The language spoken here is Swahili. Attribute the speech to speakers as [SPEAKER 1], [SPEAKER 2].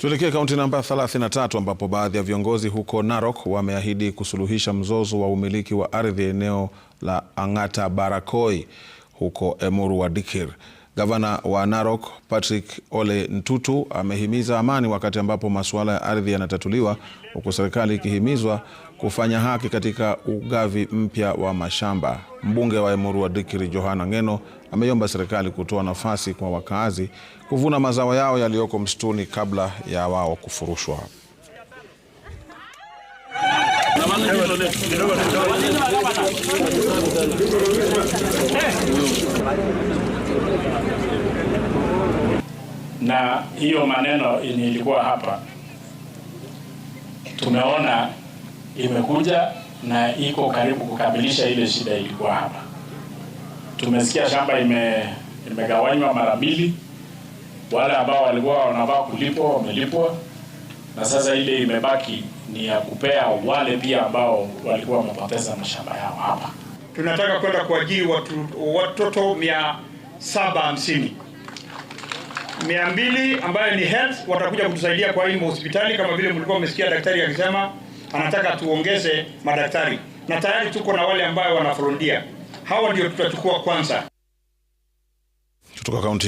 [SPEAKER 1] Tuelekee kaunti namba 33 ambapo baadhi ya viongozi huko Narok wameahidi kusuluhisha mzozo wa umiliki wa ardhi eneo la Ang'ata barakoi huko Emuru wa Gavana wa Narok Patrick Ole Ntutu amehimiza amani wakati ambapo masuala ya ardhi yanatatuliwa, huku serikali ikihimizwa kufanya haki katika ugavi mpya wa mashamba. Mbunge wa Emurua Dikir'i Johana Ng'eno ameiomba serikali kutoa nafasi kwa wakaazi kuvuna mazao yao yaliyoko msituni kabla ya wao kufurushwa.
[SPEAKER 2] na hiyo maneno ilikuwa hapa, tumeona imekuja na iko karibu kukamilisha ile shida ilikuwa hapa. Tumesikia shamba ime, imegawanywa mara mbili, wale ambao walikuwa wanavaa kulipwa wamelipwa, na sasa ile imebaki ni ya kupea wale pia ambao walikuwa wamepoteza mashamba yao hapa.
[SPEAKER 3] Tunataka kwenda kuajiri watoto mia saba hamsini mia mbili ambayo ni health watakuja kutusaidia kwa hii hospitali, kama vile mlikuwa mmesikia daktari akisema anataka tuongeze madaktari, na tayari tuko na wale ambayo wanafrondia Hawa ndio tutachukua kwanza kutoka kaunti